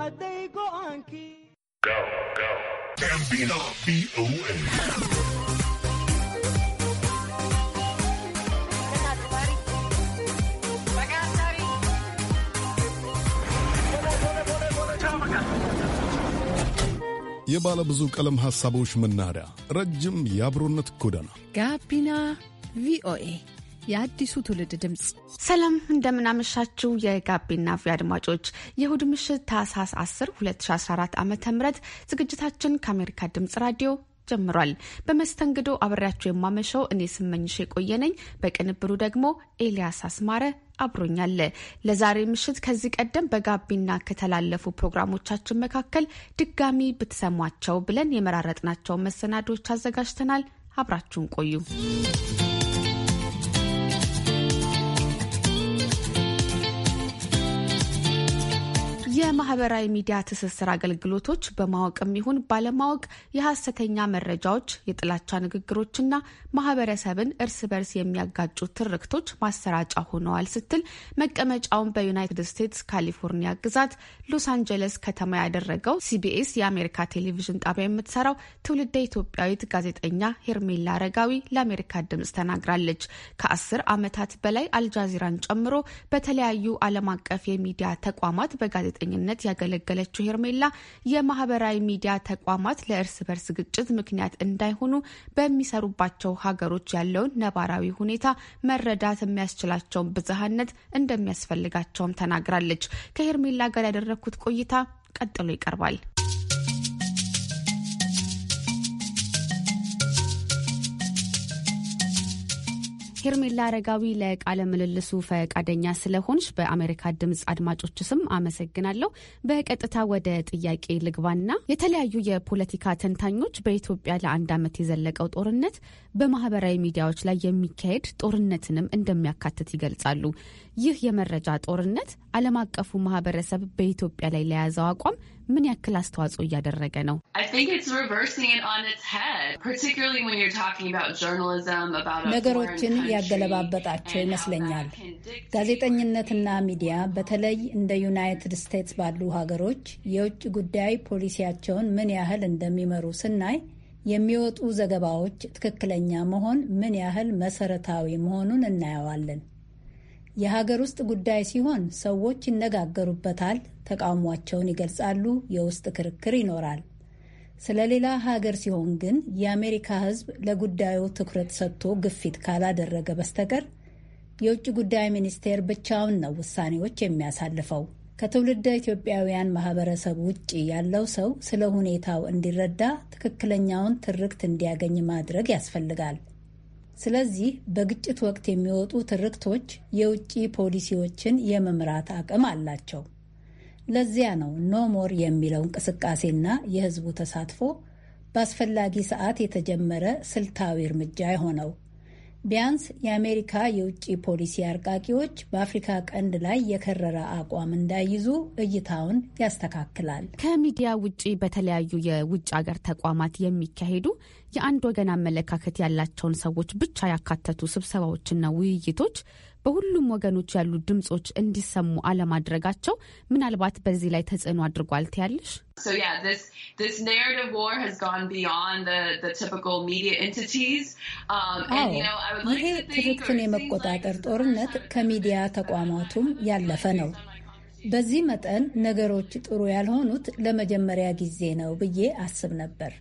hadday go'aankii የባለ ብዙ ቀለም ሐሳቦች መናኸሪያ ረጅም የአብሮነት ጎዳና ጋቢና ቪኦኤ የአዲሱ ትውልድ ድምፅ። ሰላም እንደምናመሻችው የጋቢና ቪ አድማጮች የእሁድ ምሽት ታህሳስ 10 2014 ዓ ም ዝግጅታችን ከአሜሪካ ድምፅ ራዲዮ ጀምሯል። በመስተንግዶ አብሬያቸው የማመሸው እኔ ስመኝሽ የቆየነኝ፣ በቅንብሩ ደግሞ ኤልያስ አስማረ አብሮኛለ። ለዛሬ ምሽት ከዚህ ቀደም በጋቢና ከተላለፉ ፕሮግራሞቻችን መካከል ድጋሚ ብትሰሟቸው ብለን የመራረጥናቸውን መሰናዶች አዘጋጅተናል። አብራችሁን ቆዩ። የማህበራዊ ሚዲያ ትስስር አገልግሎቶች በማወቅም ይሁን ባለማወቅ የሐሰተኛ መረጃዎች፣ የጥላቻ ንግግሮችና ማህበረሰብን እርስ በርስ የሚያጋጩ ትርክቶች ማሰራጫ ሆነዋል ስትል መቀመጫውን በዩናይትድ ስቴትስ ካሊፎርኒያ ግዛት ሎስ አንጀለስ ከተማ ያደረገው ሲቢኤስ የአሜሪካ ቴሌቪዥን ጣቢያ የምትሰራው ትውልደ ኢትዮጵያዊት ጋዜጠኛ ሄርሜላ አረጋዊ ለአሜሪካ ድምጽ ተናግራለች። ከአስር ዓመታት በላይ አልጃዚራን ጨምሮ በተለያዩ ዓለም አቀፍ የሚዲያ ተቋማት በጋዜጠ ጋዜጠኝነት ያገለገለችው ሄርሜላ የማህበራዊ ሚዲያ ተቋማት ለእርስ በርስ ግጭት ምክንያት እንዳይሆኑ በሚሰሩባቸው ሀገሮች ያለውን ነባራዊ ሁኔታ መረዳት የሚያስችላቸውን ብዝሃነት እንደሚያስፈልጋቸውም ተናግራለች። ከሄርሜላ ጋር ያደረግኩት ቆይታ ቀጥሎ ይቀርባል። ሄርሜላ አረጋዊ ለቃለ ምልልሱ ፈቃደኛ ስለሆንሽ በአሜሪካ ድምፅ አድማጮች ስም አመሰግናለሁ። በቀጥታ ወደ ጥያቄ ልግባና የተለያዩ የፖለቲካ ተንታኞች በኢትዮጵያ ለአንድ ዓመት የዘለቀው ጦርነት በማህበራዊ ሚዲያዎች ላይ የሚካሄድ ጦርነትንም እንደሚያካትት ይገልጻሉ። ይህ የመረጃ ጦርነት ዓለም አቀፉ ማህበረሰብ በኢትዮጵያ ላይ ለያዘው አቋም ምን ያክል አስተዋጽኦ እያደረገ ነው? ነገሮችን ያገለባበጣቸው ይመስለኛል። ጋዜጠኝነትና ሚዲያ በተለይ እንደ ዩናይትድ ስቴትስ ባሉ ሀገሮች የውጭ ጉዳይ ፖሊሲያቸውን ምን ያህል እንደሚመሩ ስናይ የሚወጡ ዘገባዎች ትክክለኛ መሆን ምን ያህል መሰረታዊ መሆኑን እናየዋለን። የሀገር ውስጥ ጉዳይ ሲሆን ሰዎች ይነጋገሩበታል፣ ተቃውሟቸውን ይገልጻሉ፣ የውስጥ ክርክር ይኖራል። ስለሌላ ሀገር ሲሆን ግን የአሜሪካ ሕዝብ ለጉዳዩ ትኩረት ሰጥቶ ግፊት ካላደረገ በስተቀር የውጭ ጉዳይ ሚኒስቴር ብቻውን ነው ውሳኔዎች የሚያሳልፈው። ከትውልደ ኢትዮጵያውያን ማህበረሰብ ውጭ ያለው ሰው ስለ ሁኔታው እንዲረዳ ትክክለኛውን ትርክት እንዲያገኝ ማድረግ ያስፈልጋል። ስለዚህ በግጭት ወቅት የሚወጡ ትርክቶች የውጭ ፖሊሲዎችን የመምራት አቅም አላቸው። ለዚያ ነው ኖሞር የሚለው እንቅስቃሴና የህዝቡ ተሳትፎ በአስፈላጊ ሰዓት የተጀመረ ስልታዊ እርምጃ የሆነው። ቢያንስ የአሜሪካ የውጭ ፖሊሲ አርቃቂዎች በአፍሪካ ቀንድ ላይ የከረረ አቋም እንዳይይዙ እይታውን ያስተካክላል። ከሚዲያ ውጭ በተለያዩ የውጭ ሀገር ተቋማት የሚካሄዱ የአንድ ወገን አመለካከት ያላቸውን ሰዎች ብቻ ያካተቱ ስብሰባዎችና ውይይቶች በሁሉም ወገኖች ያሉ ድምጾች እንዲሰሙ አለማድረጋቸው ምናልባት በዚህ ላይ ተጽዕኖ አድርጓል ትያለሽ? ይሄ ትርክትን የመቆጣጠር ጦርነት ከሚዲያ ተቋማቱም ያለፈ ነው። በዚህ መጠን ነገሮች ጥሩ ያልሆኑት ለመጀመሪያ ጊዜ ነው ብዬ አስብ ነበር።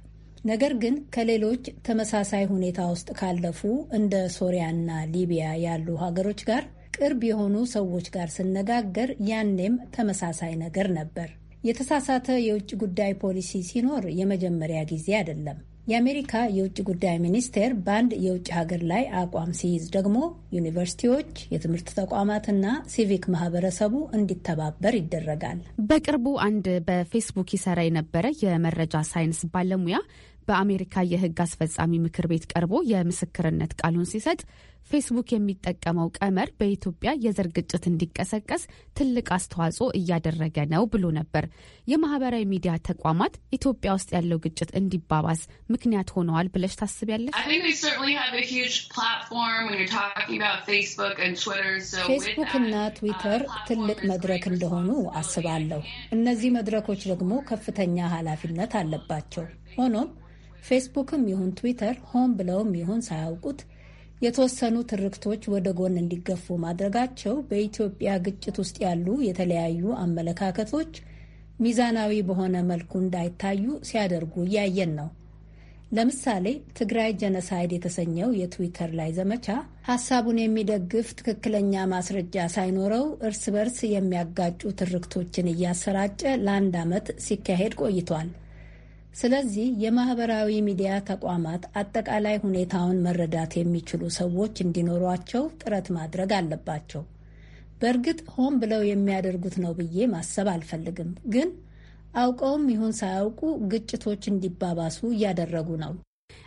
ነገር ግን ከሌሎች ተመሳሳይ ሁኔታ ውስጥ ካለፉ እንደ ሶሪያና ሊቢያ ያሉ ሀገሮች ጋር ቅርብ የሆኑ ሰዎች ጋር ስነጋገር ያኔም ተመሳሳይ ነገር ነበር። የተሳሳተ የውጭ ጉዳይ ፖሊሲ ሲኖር የመጀመሪያ ጊዜ አይደለም። የአሜሪካ የውጭ ጉዳይ ሚኒስቴር በአንድ የውጭ ሀገር ላይ አቋም ሲይዝ ደግሞ ዩኒቨርሲቲዎች፣ የትምህርት ተቋማትና ሲቪክ ማህበረሰቡ እንዲተባበር ይደረጋል። በቅርቡ አንድ በፌስቡክ ይሰራ የነበረ የመረጃ ሳይንስ ባለሙያ በአሜሪካ የህግ አስፈጻሚ ምክር ቤት ቀርቦ የምስክርነት ቃሉን ሲሰጥ ፌስቡክ የሚጠቀመው ቀመር በኢትዮጵያ የዘር ግጭት እንዲቀሰቀስ ትልቅ አስተዋጽኦ እያደረገ ነው ብሎ ነበር። የማህበራዊ ሚዲያ ተቋማት ኢትዮጵያ ውስጥ ያለው ግጭት እንዲባባስ ምክንያት ሆነዋል ብለሽ ታስቢያለሽ? ፌስቡክ እና ትዊተር ትልቅ መድረክ እንደሆኑ አስባለሁ። እነዚህ መድረኮች ደግሞ ከፍተኛ ኃላፊነት አለባቸው። ሆኖም ፌስቡክም ይሁን ትዊተር ሆን ብለውም ይሁን ሳያውቁት የተወሰኑ ትርክቶች ወደ ጎን እንዲገፉ ማድረጋቸው በኢትዮጵያ ግጭት ውስጥ ያሉ የተለያዩ አመለካከቶች ሚዛናዊ በሆነ መልኩ እንዳይታዩ ሲያደርጉ እያየን ነው። ለምሳሌ ትግራይ ጀነሳይድ የተሰኘው የትዊተር ላይ ዘመቻ ሀሳቡን የሚደግፍ ትክክለኛ ማስረጃ ሳይኖረው እርስ በርስ የሚያጋጩ ትርክቶችን እያሰራጨ ለአንድ ዓመት ሲካሄድ ቆይቷል። ስለዚህ የማህበራዊ ሚዲያ ተቋማት አጠቃላይ ሁኔታውን መረዳት የሚችሉ ሰዎች እንዲኖሯቸው ጥረት ማድረግ አለባቸው። በእርግጥ ሆን ብለው የሚያደርጉት ነው ብዬ ማሰብ አልፈልግም፣ ግን አውቀውም ይሁን ሳያውቁ ግጭቶች እንዲባባሱ እያደረጉ ነው።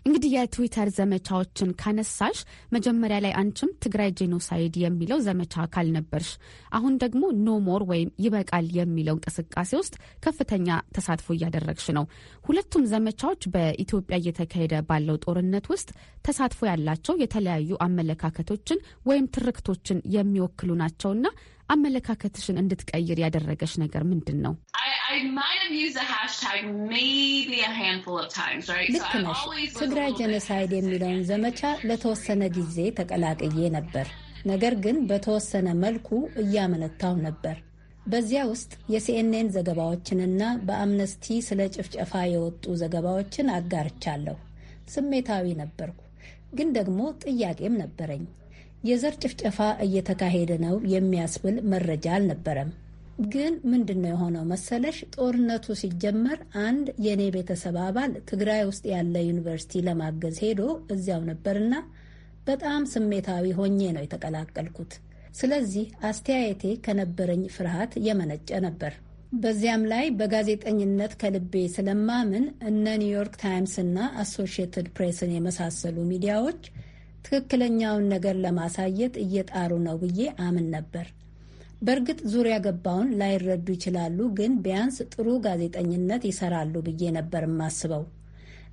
እንግዲህ የትዊተር ዘመቻዎችን ካነሳሽ መጀመሪያ ላይ አንቺም ትግራይ ጄኖሳይድ የሚለው ዘመቻ አካል ነበርሽ። አሁን ደግሞ ኖሞር ወይም ይበቃል የሚለው እንቅስቃሴ ውስጥ ከፍተኛ ተሳትፎ እያደረግሽ ነው። ሁለቱም ዘመቻዎች በኢትዮጵያ እየተካሄደ ባለው ጦርነት ውስጥ ተሳትፎ ያላቸው የተለያዩ አመለካከቶችን ወይም ትርክቶችን የሚወክሉ ናቸውና አመለካከትሽን እንድትቀይር ያደረገች ነገር ምንድን ነው? ልክ ነሽ። ትግራይ ጀኖሳይድ የሚለውን ዘመቻ ለተወሰነ ጊዜ ተቀላቅዬ ነበር። ነገር ግን በተወሰነ መልኩ እያመነታው ነበር። በዚያ ውስጥ የሲኤንኤን ዘገባዎችንና በአምነስቲ ስለ ጭፍጨፋ የወጡ ዘገባዎችን አጋርቻለሁ። ስሜታዊ ነበርኩ፣ ግን ደግሞ ጥያቄም ነበረኝ። የዘር ጭፍጨፋ እየተካሄደ ነው የሚያስብል መረጃ አልነበረም። ግን ምንድን ነው የሆነው መሰለሽ? ጦርነቱ ሲጀመር አንድ የእኔ ቤተሰብ አባል ትግራይ ውስጥ ያለ ዩኒቨርሲቲ ለማገዝ ሄዶ እዚያው ነበርና በጣም ስሜታዊ ሆኜ ነው የተቀላቀልኩት። ስለዚህ አስተያየቴ ከነበረኝ ፍርሃት የመነጨ ነበር። በዚያም ላይ በጋዜጠኝነት ከልቤ ስለማምን እነ ኒውዮርክ ታይምስ እና አሶሺየትድ ፕሬስን የመሳሰሉ ሚዲያዎች ትክክለኛውን ነገር ለማሳየት እየጣሩ ነው ብዬ አምን ነበር። በእርግጥ ዙሪያ ገባውን ላይረዱ ይችላሉ፣ ግን ቢያንስ ጥሩ ጋዜጠኝነት ይሰራሉ ብዬ ነበር የማስበው።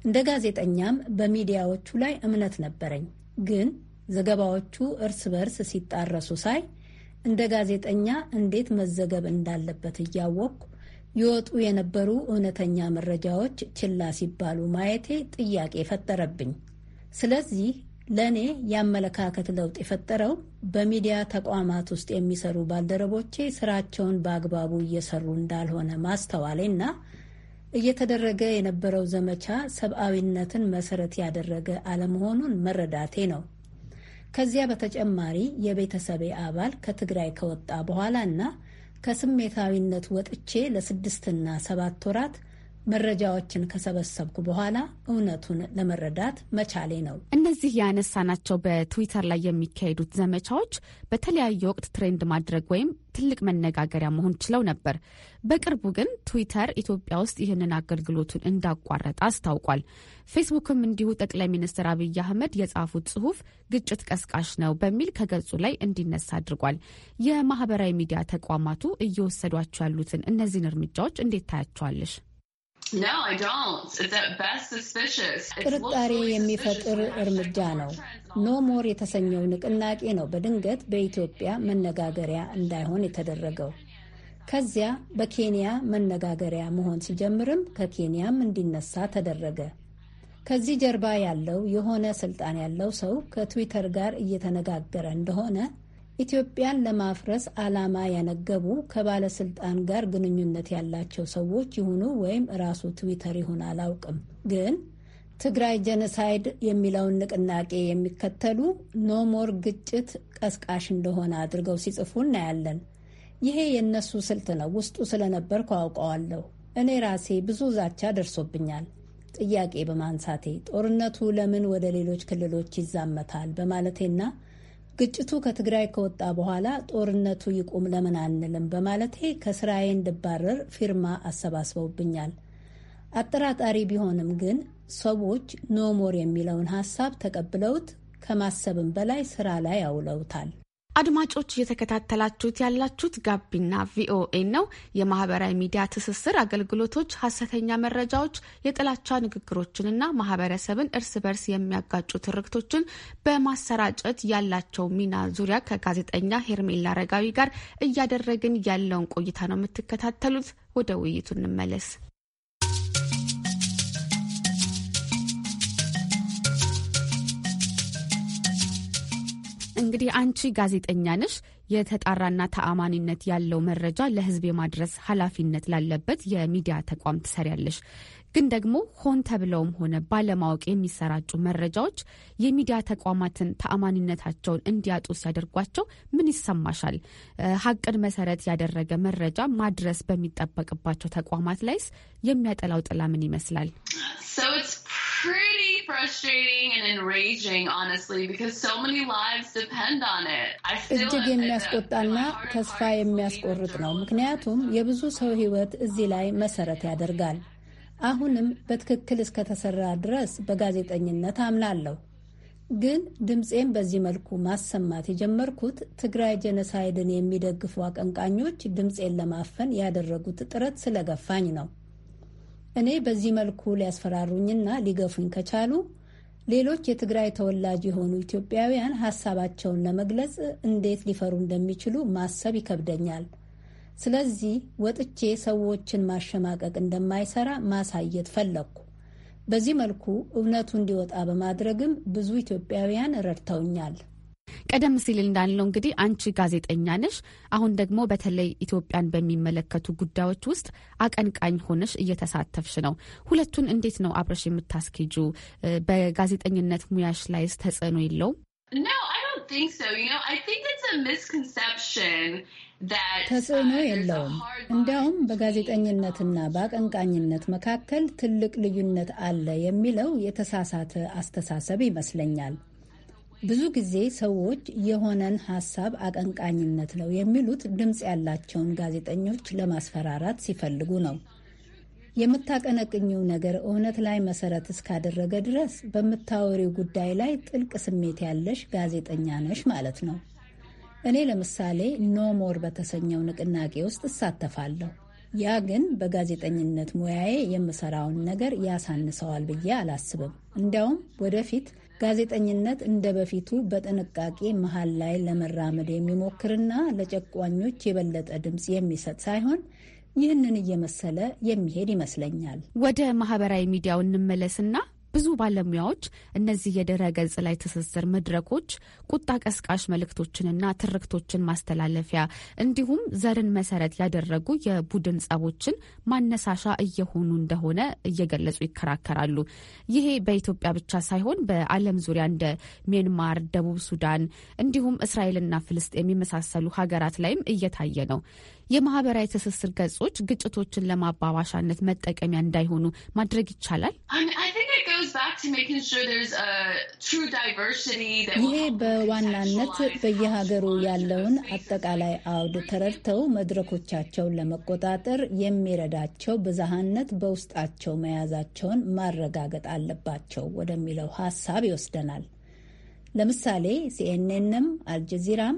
እንደ ጋዜጠኛም በሚዲያዎቹ ላይ እምነት ነበረኝ። ግን ዘገባዎቹ እርስ በርስ ሲጣረሱ ሳይ እንደ ጋዜጠኛ እንዴት መዘገብ እንዳለበት እያወቅኩ ይወጡ የነበሩ እውነተኛ መረጃዎች ችላ ሲባሉ ማየቴ ጥያቄ ፈጠረብኝ። ስለዚህ ለእኔ የአመለካከት ለውጥ የፈጠረው በሚዲያ ተቋማት ውስጥ የሚሰሩ ባልደረቦቼ ስራቸውን በአግባቡ እየሰሩ እንዳልሆነ ማስተዋሌ እና እየተደረገ የነበረው ዘመቻ ሰብአዊነትን መሰረት ያደረገ አለመሆኑን መረዳቴ ነው። ከዚያ በተጨማሪ የቤተሰቤ አባል ከትግራይ ከወጣ በኋላ ና ከስሜታዊነት ወጥቼ ለስድስትና ሰባት ወራት መረጃዎችን ከሰበሰብኩ በኋላ እውነቱን ለመረዳት መቻሌ ነው። እነዚህ ያነሳናቸው በትዊተር ላይ የሚካሄዱት ዘመቻዎች በተለያየ ወቅት ትሬንድ ማድረግ ወይም ትልቅ መነጋገሪያ መሆን ችለው ነበር። በቅርቡ ግን ትዊተር ኢትዮጵያ ውስጥ ይህንን አገልግሎቱን እንዳቋረጠ አስታውቋል። ፌስቡክም እንዲሁ ጠቅላይ ሚኒስትር አብይ አህመድ የጻፉት ጽሁፍ ግጭት ቀስቃሽ ነው በሚል ከገጹ ላይ እንዲነሳ አድርጓል። የማህበራዊ ሚዲያ ተቋማቱ እየወሰዷቸው ያሉትን እነዚህን እርምጃዎች እንዴት ታያቸዋለሽ? ጥርጣሬ የሚፈጥር እርምጃ ነው። ኖ ሞር የተሰኘው ንቅናቄ ነው በድንገት በኢትዮጵያ መነጋገሪያ እንዳይሆን የተደረገው። ከዚያ በኬንያ መነጋገሪያ መሆን ሲጀምርም ከኬንያም እንዲነሳ ተደረገ። ከዚህ ጀርባ ያለው የሆነ ስልጣን ያለው ሰው ከትዊተር ጋር እየተነጋገረ እንደሆነ ኢትዮጵያን ለማፍረስ ዓላማ ያነገቡ ከባለስልጣን ጋር ግንኙነት ያላቸው ሰዎች ይሁኑ ወይም ራሱ ትዊተር ይሁን አላውቅም፣ ግን ትግራይ ጀነሳይድ የሚለውን ንቅናቄ የሚከተሉ ኖሞር ግጭት ቀስቃሽ እንደሆነ አድርገው ሲጽፉ እናያለን። ይሄ የእነሱ ስልት ነው። ውስጡ ስለነበርኩ አውቀዋለሁ። እኔ ራሴ ብዙ ዛቻ ደርሶብኛል። ጥያቄ በማንሳቴ ጦርነቱ ለምን ወደ ሌሎች ክልሎች ይዛመታል በማለቴና ግጭቱ ከትግራይ ከወጣ በኋላ ጦርነቱ ይቁም ለምን አንልም በማለቴ ከስራዬ እንድባረር ፊርማ አሰባስበውብኛል። አጠራጣሪ ቢሆንም ግን ሰዎች ኖሞር የሚለውን ሀሳብ ተቀብለውት ከማሰብም በላይ ስራ ላይ አውለውታል። አድማጮች እየተከታተላችሁት ያላችሁት ጋቢና ቪኦኤ ነው። የማህበራዊ ሚዲያ ትስስር አገልግሎቶች ሀሰተኛ መረጃዎች፣ የጥላቻ ንግግሮችንና ማህበረሰብን እርስ በርስ የሚያጋጩ ትርክቶችን በማሰራጨት ያላቸው ሚና ዙሪያ ከጋዜጠኛ ሄርሜላ ረጋዊ ጋር እያደረግን ያለውን ቆይታ ነው የምትከታተሉት። ወደ ውይይቱ እንመለስ። እንግዲህ አንቺ ጋዜጠኛ ነሽ። የተጣራና ተአማኒነት ያለው መረጃ ለህዝብ የማድረስ ኃላፊነት ላለበት የሚዲያ ተቋም ትሰሪያለሽ። ግን ደግሞ ሆን ተብለውም ሆነ ባለማወቅ የሚሰራጩ መረጃዎች የሚዲያ ተቋማትን ተአማኒነታቸውን እንዲያጡ ሲያደርጓቸው ምን ይሰማሻል? ሀቅን መሰረት ያደረገ መረጃ ማድረስ በሚጠበቅባቸው ተቋማት ላይስ የሚያጠላው ጥላ ምን ይመስላል? frustrating and enraging, honestly, because so many lives depend on it. እጅግ የሚያስቆጣና ተስፋ የሚያስቆርጥ ነው። ምክንያቱም የብዙ ሰው ሕይወት እዚህ ላይ መሰረት ያደርጋል። አሁንም በትክክል እስከተሰራ ድረስ በጋዜጠኝነት አምናለሁ። ግን ድምፄን በዚህ መልኩ ማሰማት የጀመርኩት ትግራይ ጄኖሳይድን የሚደግፉ አቀንቃኞች ድምፄን ለማፈን ያደረጉት ጥረት ስለገፋኝ ነው። እኔ በዚህ መልኩ ሊያስፈራሩኝና ሊገፉኝ ከቻሉ ሌሎች የትግራይ ተወላጅ የሆኑ ኢትዮጵያውያን ሀሳባቸውን ለመግለጽ እንዴት ሊፈሩ እንደሚችሉ ማሰብ ይከብደኛል። ስለዚህ ወጥቼ ሰዎችን ማሸማቀቅ እንደማይሰራ ማሳየት ፈለግኩ። በዚህ መልኩ እውነቱ እንዲወጣ በማድረግም ብዙ ኢትዮጵያውያን ረድተውኛል። ቀደም ሲል እንዳለው እንግዲህ አንቺ ጋዜጠኛ ነሽ። አሁን ደግሞ በተለይ ኢትዮጵያን በሚመለከቱ ጉዳዮች ውስጥ አቀንቃኝ ሆነሽ እየተሳተፍሽ ነው። ሁለቱን እንዴት ነው አብረሽ የምታስኬጁ? በጋዜጠኝነት ሙያሽ ላይስ ተጽዕኖ የለውም? ተጽዕኖ uh, የለውም። እንዲያውም በጋዜጠኝነትና uh, በአቀንቃኝነት መካከል ትልቅ ልዩነት አለ የሚለው የተሳሳተ አስተሳሰብ ይመስለኛል። ብዙ ጊዜ ሰዎች የሆነን ሀሳብ አቀንቃኝነት ነው የሚሉት ድምፅ ያላቸውን ጋዜጠኞች ለማስፈራራት ሲፈልጉ ነው። የምታቀነቅኝው ነገር እውነት ላይ መሰረት እስካደረገ ድረስ በምታወሪው ጉዳይ ላይ ጥልቅ ስሜት ያለሽ ጋዜጠኛ ነሽ ማለት ነው። እኔ ለምሳሌ ኖሞር በተሰኘው ንቅናቄ ውስጥ እሳተፋለሁ። ያ ግን በጋዜጠኝነት ሙያዬ የምሰራውን ነገር ያሳንሰዋል ብዬ አላስብም። እንዲያውም ወደፊት ጋዜጠኝነት እንደ በፊቱ በጥንቃቄ መሀል ላይ ለመራመድ የሚሞክርና ለጨቋኞች የበለጠ ድምፅ የሚሰጥ ሳይሆን ይህንን እየመሰለ የሚሄድ ይመስለኛል። ወደ ማህበራዊ ሚዲያው እንመለስና ብዙ ባለሙያዎች እነዚህ የድረ ገጽ ላይ ትስስር መድረኮች ቁጣ ቀስቃሽ መልእክቶችንና ትርክቶችን ማስተላለፊያ እንዲሁም ዘርን መሰረት ያደረጉ የቡድን ጸቦችን ማነሳሻ እየሆኑ እንደሆነ እየገለጹ ይከራከራሉ። ይሄ በኢትዮጵያ ብቻ ሳይሆን በዓለም ዙሪያ እንደ ሜንማር፣ ደቡብ ሱዳን እንዲሁም እስራኤልና ፍልስጤም የመሳሰሉ ሀገራት ላይም እየታየ ነው። የማህበራዊ ትስስር ገጾች ግጭቶችን ለማባባሻነት መጠቀሚያ እንዳይሆኑ ማድረግ ይቻላል? Um, ይሄ በዋናነት በየሀገሩ ያለውን አጠቃላይ አውድ ተረድተው መድረኮቻቸውን ለመቆጣጠር የሚረዳቸው ብዝሃነት በውስጣቸው መያዛቸውን ማረጋገጥ አለባቸው ወደሚለው ሀሳብ ይወስደናል። ለምሳሌ ሲኤንኤንም አልጀዚራም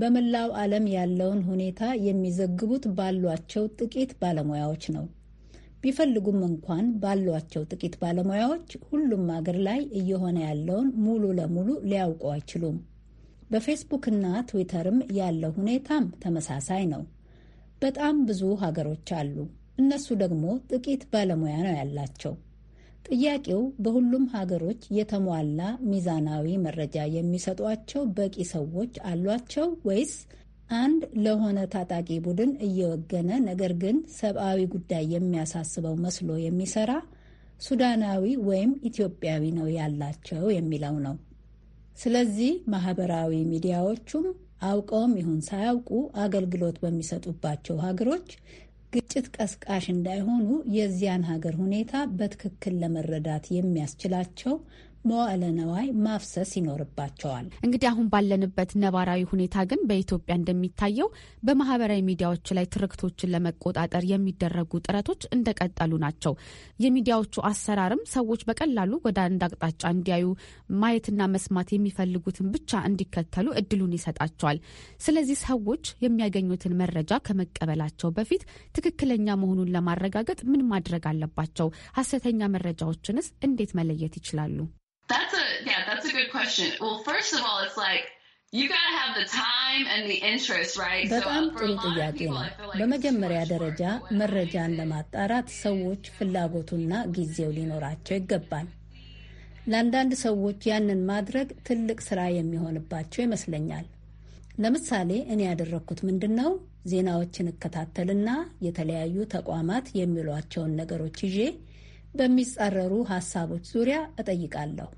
በመላው ዓለም ያለውን ሁኔታ የሚዘግቡት ባሏቸው ጥቂት ባለሙያዎች ነው። ቢፈልጉም እንኳን ባሏቸው ጥቂት ባለሙያዎች ሁሉም አገር ላይ እየሆነ ያለውን ሙሉ ለሙሉ ሊያውቁ አይችሉም። በፌስቡክና ትዊተርም ያለው ሁኔታም ተመሳሳይ ነው። በጣም ብዙ ሀገሮች አሉ። እነሱ ደግሞ ጥቂት ባለሙያ ነው ያላቸው። ጥያቄው በሁሉም ሀገሮች የተሟላ ሚዛናዊ መረጃ የሚሰጧቸው በቂ ሰዎች አሏቸው ወይስ አንድ ለሆነ ታጣቂ ቡድን እየወገነ ነገር ግን ሰብአዊ ጉዳይ የሚያሳስበው መስሎ የሚሰራ ሱዳናዊ ወይም ኢትዮጵያዊ ነው ያላቸው የሚለው ነው። ስለዚህ ማህበራዊ ሚዲያዎቹም አውቀውም ይሁን ሳያውቁ አገልግሎት በሚሰጡባቸው ሀገሮች ግጭት ቀስቃሽ እንዳይሆኑ የዚያን ሀገር ሁኔታ በትክክል ለመረዳት የሚያስችላቸው መዋዕለ ነዋይ ማፍሰስ ይኖርባቸዋል። እንግዲህ አሁን ባለንበት ነባራዊ ሁኔታ ግን በኢትዮጵያ እንደሚታየው በማህበራዊ ሚዲያዎች ላይ ትርክቶችን ለመቆጣጠር የሚደረጉ ጥረቶች እንደቀጠሉ ናቸው። የሚዲያዎቹ አሰራርም ሰዎች በቀላሉ ወደ አንድ አቅጣጫ እንዲያዩ ማየትና መስማት የሚፈልጉትን ብቻ እንዲከተሉ እድሉን ይሰጣቸዋል። ስለዚህ ሰዎች የሚያገኙትን መረጃ ከመቀበላቸው በፊት ትክክለኛ መሆኑን ለማረጋገጥ ምን ማድረግ አለባቸው? ሀሰተኛ መረጃዎችንስ እንዴት መለየት ይችላሉ? That's a yeah, that's a good question. Well, first of all, it's like በጣም ጥሩ ጥያቄ ነው። በመጀመሪያ ደረጃ መረጃን ለማጣራት ሰዎች ፍላጎቱና ጊዜው ሊኖራቸው ይገባል። ለአንዳንድ ሰዎች ያንን ማድረግ ትልቅ ስራ የሚሆንባቸው ይመስለኛል። ለምሳሌ እኔ ያደረግኩት ምንድን ነው? ዜናዎችን እከታተልና የተለያዩ ተቋማት የሚሏቸውን ነገሮች ይዤ በሚጻረሩ ሀሳቦች ዙሪያ እጠይቃለሁ።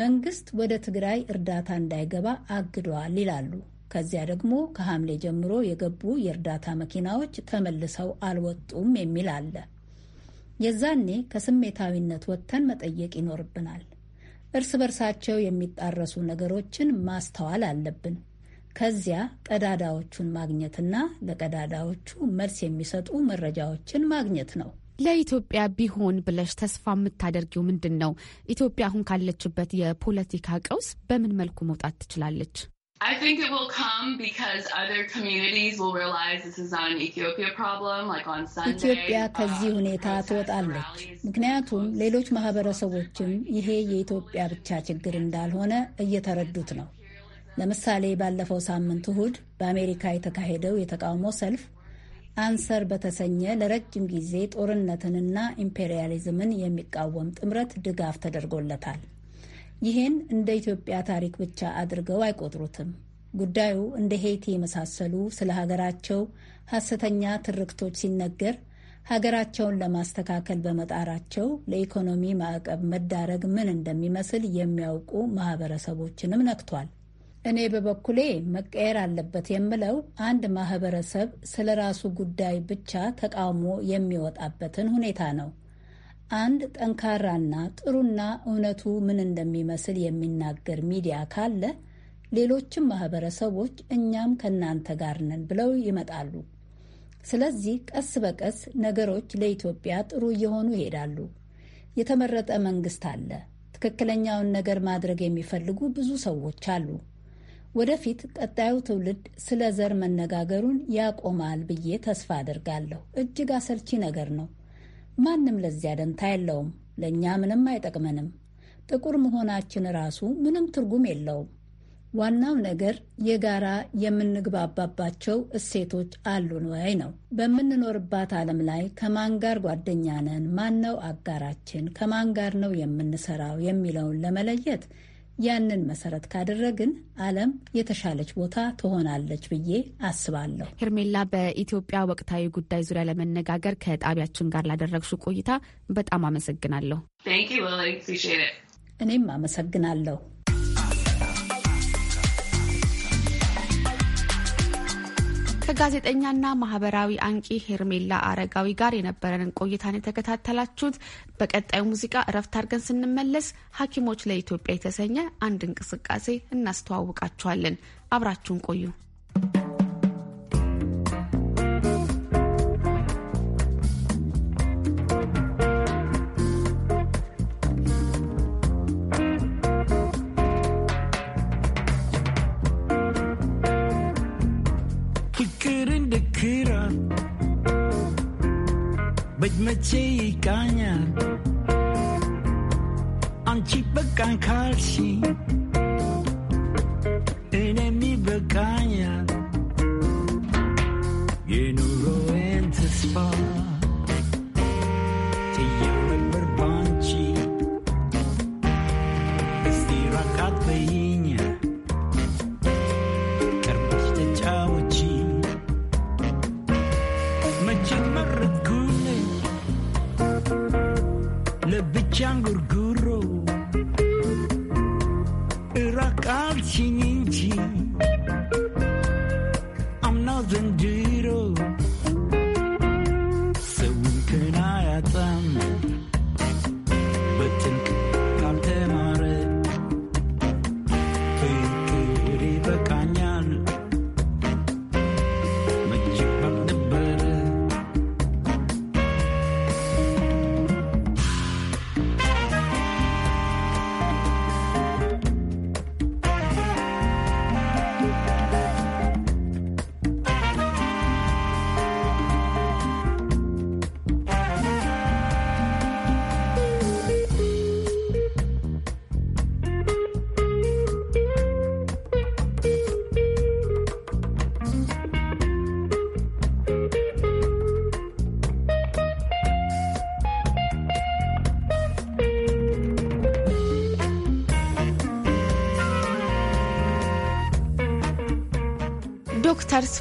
መንግስት ወደ ትግራይ እርዳታ እንዳይገባ አግደዋል ይላሉ። ከዚያ ደግሞ ከሐምሌ ጀምሮ የገቡ የእርዳታ መኪናዎች ተመልሰው አልወጡም የሚል አለ። የዛኔ ከስሜታዊነት ወጥተን መጠየቅ ይኖርብናል። እርስ በርሳቸው የሚጣረሱ ነገሮችን ማስተዋል አለብን። ከዚያ ቀዳዳዎቹን ማግኘትና ለቀዳዳዎቹ መልስ የሚሰጡ መረጃዎችን ማግኘት ነው። ለኢትዮጵያ ቢሆን ብለሽ ተስፋ የምታደርጊው ምንድን ነው? ኢትዮጵያ አሁን ካለችበት የፖለቲካ ቀውስ በምን መልኩ መውጣት ትችላለች? I think it will come because other communities will realize this is not an Ethiopia problem, like on Sunday. ኢትዮጵያ uh, ከዚህ ሁኔታ ትወጣለች። ምክንያቱም ሌሎች ማህበረሰቦችም ይሄ የኢትዮጵያ ብቻ ችግር እንዳልሆነ እየተረዱት ነው። ለምሳሌ ባለፈው ሳምንት እሁድ በአሜሪካ የተካሄደው የተቃውሞ ሰልፍ አንሰር በተሰኘ ለረጅም ጊዜ ጦርነትንና ኢምፔሪያሊዝምን የሚቃወም ጥምረት ድጋፍ ተደርጎለታል። ይህን እንደ ኢትዮጵያ ታሪክ ብቻ አድርገው አይቆጥሩትም። ጉዳዩ እንደ ሄይቲ የመሳሰሉ ስለ ሀገራቸው ሀሰተኛ ትርክቶች ሲነገር ሀገራቸውን ለማስተካከል በመጣራቸው ለኢኮኖሚ ማዕቀብ መዳረግ ምን እንደሚመስል የሚያውቁ ማህበረሰቦችንም ነክቷል። እኔ በበኩሌ መቀየር አለበት የምለው አንድ ማህበረሰብ ስለ ራሱ ጉዳይ ብቻ ተቃውሞ የሚወጣበትን ሁኔታ ነው። አንድ ጠንካራና ጥሩና እውነቱ ምን እንደሚመስል የሚናገር ሚዲያ ካለ ሌሎችም ማህበረሰቦች እኛም ከእናንተ ጋር ነን ብለው ይመጣሉ። ስለዚህ ቀስ በቀስ ነገሮች ለኢትዮጵያ ጥሩ እየሆኑ ይሄዳሉ። የተመረጠ መንግስት አለ። ትክክለኛውን ነገር ማድረግ የሚፈልጉ ብዙ ሰዎች አሉ። ወደፊት ቀጣዩ ትውልድ ስለ ዘር መነጋገሩን ያቆማል ብዬ ተስፋ አድርጋለሁ። እጅግ አሰልቺ ነገር ነው። ማንም ለዚያ ደንታ የለውም። ለእኛ ምንም አይጠቅመንም። ጥቁር መሆናችን ራሱ ምንም ትርጉም የለውም። ዋናው ነገር የጋራ የምንግባባባቸው እሴቶች አሉን ወይ ነው። በምንኖርባት ዓለም ላይ ከማን ጋር ጓደኛ ነን፣ ማን ነው አጋራችን፣ ከማን ጋር ነው የምንሰራው የሚለውን ለመለየት ያንን መሰረት ካደረግን ዓለም የተሻለች ቦታ ትሆናለች ብዬ አስባለሁ። ሄርሜላ፣ በኢትዮጵያ ወቅታዊ ጉዳይ ዙሪያ ለመነጋገር ከጣቢያችን ጋር ላደረግሽው ቆይታ በጣም አመሰግናለሁ። እኔም አመሰግናለሁ። ከጋዜጠኛና ማህበራዊ አንቂ ሄርሜላ አረጋዊ ጋር የነበረንን ቆይታን የተከታተላችሁት። በቀጣዩ ሙዚቃ እረፍት አድርገን ስንመለስ ሐኪሞች ለኢትዮጵያ የተሰኘ አንድ እንቅስቃሴ እናስተዋውቃችኋለን። አብራችሁን ቆዩ። መቼ ይቃኛል አንቺ በቃን ካልሽ እኔ የሚበቃኝ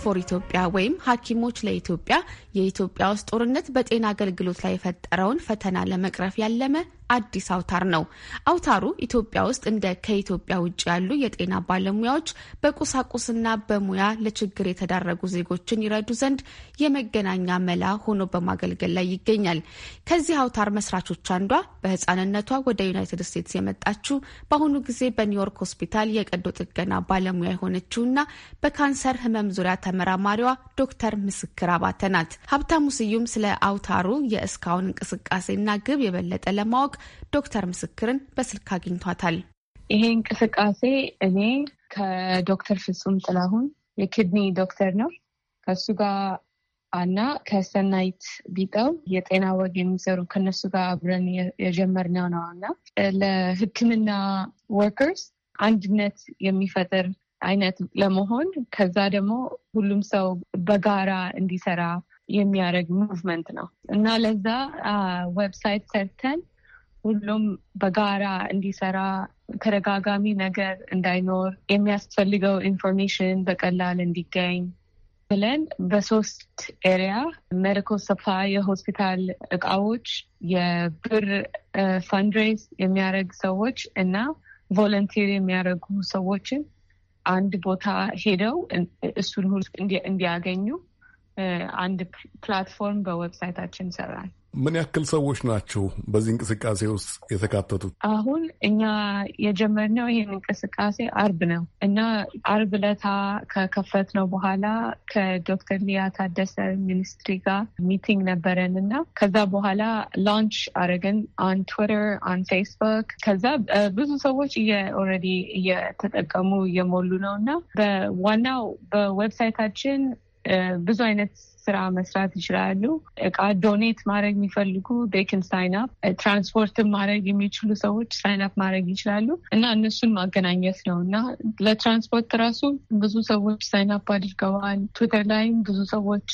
ፎር ኢትዮጵያ ወይም ሐኪሞች ለኢትዮጵያ የኢትዮጵያ ውስጥ ጦርነት በጤና አገልግሎት ላይ የፈጠረውን ፈተና ለመቅረፍ ያለመ አዲስ አውታር ነው። አውታሩ ኢትዮጵያ ውስጥ እንደ ከኢትዮጵያ ውጭ ያሉ የጤና ባለሙያዎች በቁሳቁስና በሙያ ለችግር የተዳረጉ ዜጎችን ይረዱ ዘንድ የመገናኛ መላ ሆኖ በማገልገል ላይ ይገኛል። ከዚህ አውታር መስራቾች አንዷ በህፃንነቷ ወደ ዩናይትድ ስቴትስ የመጣችው በአሁኑ ጊዜ በኒውዮርክ ሆስፒታል የቀዶ ጥገና ባለሙያ የሆነችውና በካንሰር ህመም ዙሪያ ተመራማሪዋ ዶክተር ምስክር አባተ ናት። ሀብታሙ ስዩም ስለ አውታሩ የእስካሁን እንቅስቃሴና ግብ የበለጠ ለማወቅ ዶክተር ምስክርን በስልክ አግኝቷታል። ይሄ እንቅስቃሴ እኔ ከዶክተር ፍጹም ጥላሁን የኪድኒ ዶክተር ነው ከሱ ጋር እና ከሰናይት ቢጠው የጤና ወግ የሚሰሩ ከነሱ ጋር አብረን የጀመርነው ነው እና ለሕክምና ወርከርስ አንድነት የሚፈጥር አይነት ለመሆን ከዛ ደግሞ ሁሉም ሰው በጋራ እንዲሰራ የሚያደርግ ሙቭመንት ነው እና ለዛ ዌብሳይት ሰርተን ሁሉም በጋራ እንዲሰራ ተደጋጋሚ ነገር እንዳይኖር የሚያስፈልገው ኢንፎርሜሽን በቀላል እንዲገኝ ብለን በሶስት ኤሪያ ሜዲካል ሰፋ የሆስፒታል እቃዎች፣ የብር ፈንድሬዝ የሚያደርግ ሰዎች እና ቮለንቲር የሚያደርጉ ሰዎችን አንድ ቦታ ሄደው እሱን ሁሉ እንዲያገኙ አንድ ፕላትፎርም በዌብሳይታችን ሰራል። ምን ያክል ሰዎች ናቸው በዚህ እንቅስቃሴ ውስጥ የተካተቱት? አሁን እኛ የጀመርነው ይህን እንቅስቃሴ አርብ ነው እና አርብ ለታ ከከፈት ነው በኋላ ከዶክተር ሊያ ታደሰ ሚኒስትሪ ጋር ሚቲንግ ነበረን እና ከዛ በኋላ ላንች አረግን አን ትዊተር አን ፌስቡክ። ከዛ ብዙ ሰዎች ኦልሬዲ እየተጠቀሙ እየሞሉ ነው እና በዋናው በዌብሳይታችን ብዙ አይነት ስራ መስራት ይችላሉ። እቃ ዶኔት ማድረግ የሚፈልጉ ቤክን ሳይንፕ ትራንስፖርትን ማድረግ የሚችሉ ሰዎች ሳይንፕ ማድረግ ይችላሉ እና እነሱን ማገናኘት ነው እና ለትራንስፖርት ራሱ ብዙ ሰዎች ሳይንፕ አድርገዋል። ትዊተር ላይም ብዙ ሰዎች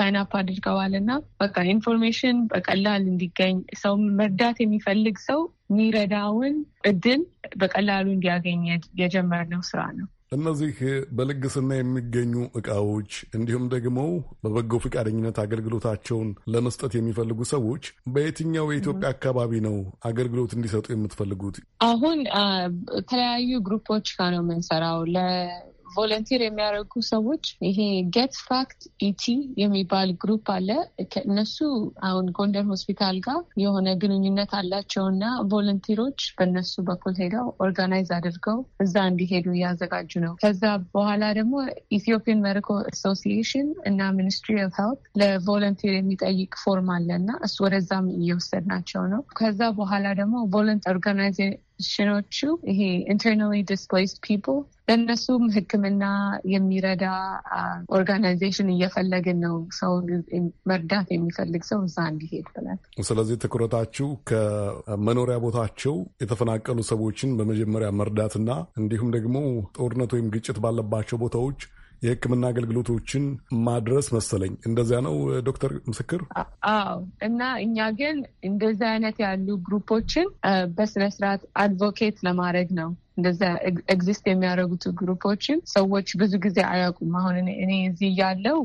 ሳይንፕ አድርገዋል እና በቃ ኢንፎርሜሽን በቀላል እንዲገኝ ሰው መርዳት የሚፈልግ ሰው የሚረዳውን እድል በቀላሉ እንዲያገኝ የጀመርነው ስራ ነው። እነዚህ በልግስና የሚገኙ እቃዎች እንዲሁም ደግሞ በበጎ ፈቃደኝነት አገልግሎታቸውን ለመስጠት የሚፈልጉ ሰዎች በየትኛው የኢትዮጵያ አካባቢ ነው አገልግሎት እንዲሰጡ የምትፈልጉት? አሁን የተለያዩ ግሩፖች ጋር ነው የምንሰራው። ቮለንቲር የሚያደርጉ ሰዎች ይሄ ጌት ፋክት ኢቲ የሚባል ግሩፕ አለ። ከእነሱ አሁን ጎንደር ሆስፒታል ጋር የሆነ ግንኙነት አላቸው እና ቮለንቲሮች በእነሱ በኩል ሄደው ኦርጋናይዝ አድርገው እዛ እንዲሄዱ እያዘጋጁ ነው። ከዛ በኋላ ደግሞ ኢትዮጵያን ሜዲካል አሶሲዬሽን እና ሚኒስትሪ ኦፍ ሄልት ለቮለንቲር የሚጠይቅ ፎርም አለ እና እሱ ወደዛም እየወሰድ ናቸው ነው። ከዛ በኋላ ደግሞ ቮለንቲር ኦርጋናይዝ ኖቹ ይሄ ኢንተርናሊ ዲስፕሌይስድ ፒፕል ለእነሱም ሕክምና የሚረዳ ኦርጋናይዜሽን እየፈለግን ነው። ሰው መርዳት የሚፈልግ ሰው እዛ እንዲሄድ ብለን። ስለዚህ ትኩረታችሁ ከመኖሪያ ቦታቸው የተፈናቀሉ ሰዎችን በመጀመሪያ መርዳትና እንዲሁም ደግሞ ጦርነት ወይም ግጭት ባለባቸው ቦታዎች የህክምና አገልግሎቶችን ማድረስ መሰለኝ። እንደዚያ ነው ዶክተር ምስክር? አዎ። እና እኛ ግን እንደዚህ አይነት ያሉ ግሩፖችን በስነስርዓት አድቮኬት ለማድረግ ነው እንደዚያ ኤግዚስት የሚያደርጉት ግሩፖችን ሰዎች ብዙ ጊዜ አያውቁም። አሁን እኔ እዚህ ያለው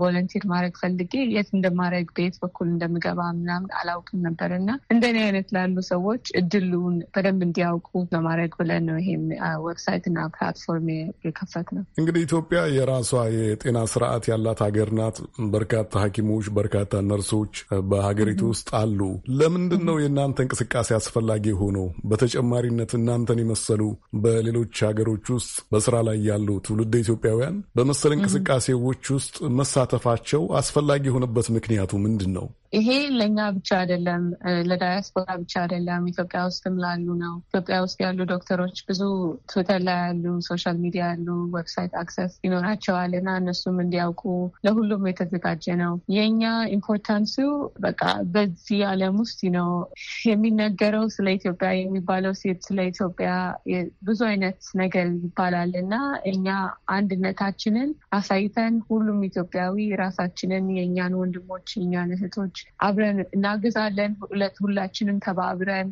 ቮለንቲር ማድረግ ፈልጌ የት እንደማድረግ በየት በኩል እንደምገባ ምናምን አላውቅም ነበር እና እንደኔ አይነት ላሉ ሰዎች እድሉን በደንብ እንዲያውቁ ለማድረግ ብለን ነው ይሄም ዌብሳይትና ፕላትፎርም የከፈት ነው። እንግዲህ ኢትዮጵያ የራሷ የጤና ስርዓት ያላት ሀገር ናት። በርካታ ሐኪሞች በርካታ ነርሶች በሀገሪቱ ውስጥ አሉ። ለምንድን ነው የእናንተ እንቅስቃሴ አስፈላጊ ሆኖ በተጨማሪነት እናንተን የመሰሉ የመሰሉ በሌሎች ሀገሮች ውስጥ በስራ ላይ ያሉ ትውልደ ኢትዮጵያውያን በመሰል እንቅስቃሴዎች ውስጥ መሳተፋቸው አስፈላጊ የሆነበት ምክንያቱ ምንድን ነው? ይሄ ለእኛ ብቻ አይደለም፣ ለዳያስፖራ ብቻ አይደለም፣ ኢትዮጵያ ውስጥም ላሉ ነው። ኢትዮጵያ ውስጥ ያሉ ዶክተሮች ብዙ ትዊተር ላይ ያሉ፣ ሶሻል ሚዲያ ያሉ፣ ዌብሳይት አክሰስ ይኖራቸዋል እና እነሱም እንዲያውቁ ለሁሉም የተዘጋጀ ነው። የእኛ ኢምፖርታንሱ በቃ በዚህ ዓለም ውስጥ ነው የሚነገረው ስለ ኢትዮጵያ የሚባለው ሴት ስለ ኢትዮጵያ ብዙ አይነት ነገር ይባላል እና እኛ አንድነታችንን አሳይተን ሁሉም ኢትዮጵያዊ ራሳችንን የእኛን ወንድሞች የእኛን እህቶች ሰዎች አብረን እናግዛለን፣ ሁለት ሁላችንም ተባብረን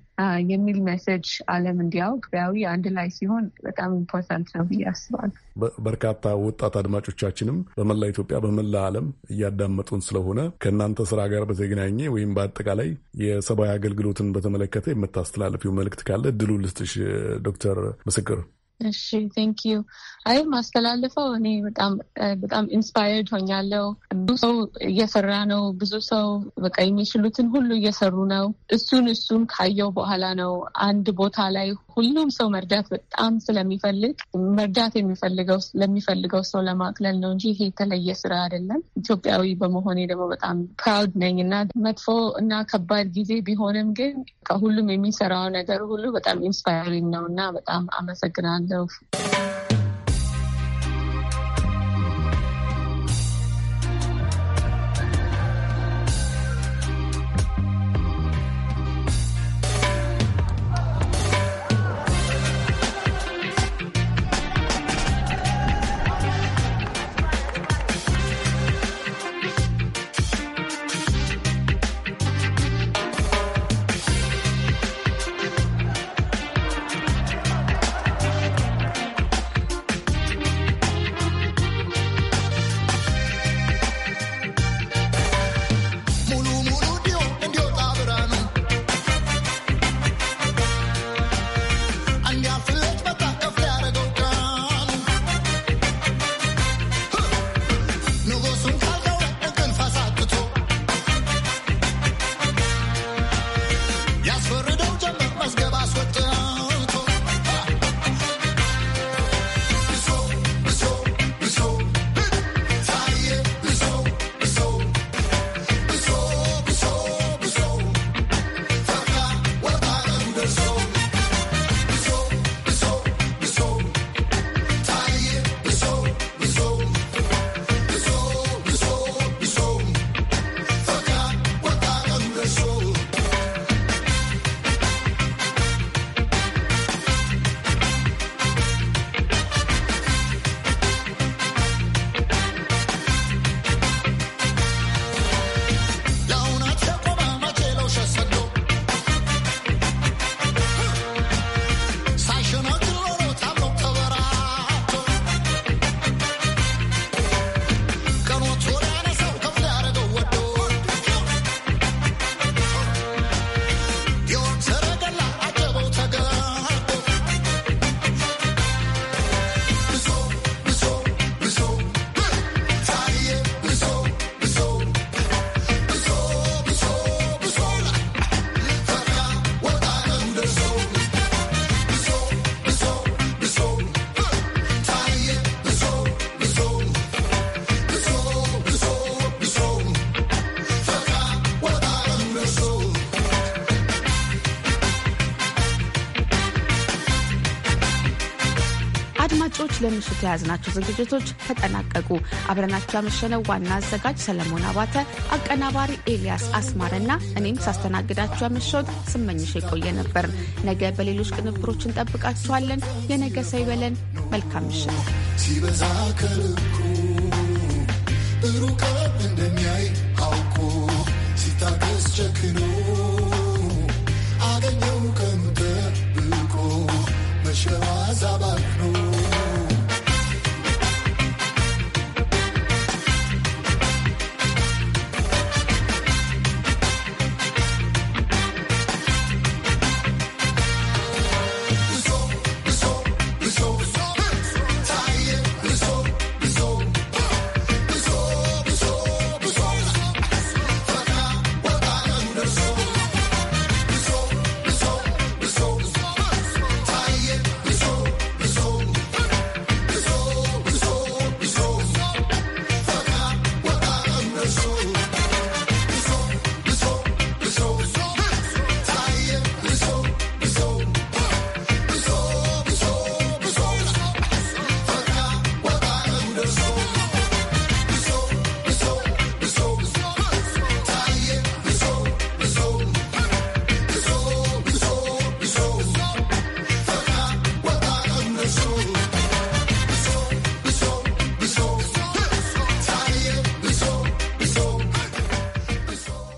የሚል ሜሴጅ አለም እንዲያውቅ ቢያዊ አንድ ላይ ሲሆን በጣም ኢምፖርታንት ነው ብዬ አስባለሁ። በርካታ ወጣት አድማጮቻችንም በመላ ኢትዮጵያ በመላ ዓለም እያዳመጡን ስለሆነ ከእናንተ ስራ ጋር በተገናኘ ወይም በአጠቃላይ የሰብአዊ አገልግሎትን በተመለከተ የምታስተላልፊው መልእክት ካለ ድሉ ልስጥሽ ዶክተር ምስክር። እሺ ዩ አይ ማስተላለፈው እኔ በጣም በጣም ኢንስፓየርድ ሆኛለው ብዙ ሰው እየሰራ ነው። ብዙ ሰው በቃ የሚችሉትን ሁሉ እየሰሩ ነው። እሱን እሱን ካየው በኋላ ነው አንድ ቦታ ላይ ሁሉም ሰው መርዳት በጣም ስለሚፈልግ መርዳት የሚፈልገው ለሚፈልገው ሰው ለማቅለል ነው እንጂ ይሄ የተለየ ስራ አይደለም። ኢትዮጵያዊ በመሆኔ ደግሞ በጣም ፕራውድ ነኝ እና መጥፎ እና ከባድ ጊዜ ቢሆንም ግን ሁሉም የሚሰራው ነገር ሁሉ በጣም ኢንስፓየሪንግ ነው እና በጣም አመሰግናል obrigada. ለምሽቱ የያዝናቸው ዝግጅቶች ተጠናቀቁ። አብረናቸው ያመሸነው ዋና አዘጋጅ ሰለሞን አባተ፣ አቀናባሪ ኤልያስ አስማረና እኔም ሳስተናግዳችሁ ያመሸሁት ስመኝሽ የቆየ ነበር። ነገ በሌሎች ቅንብሮች እንጠብቃችኋለን። የነገ ሰው ይበለን። መልካም ምሽት። ሲበዛ ከልኩ ሩቅ እንደሚያይ አውቆ ሲታገስ ጨክኖ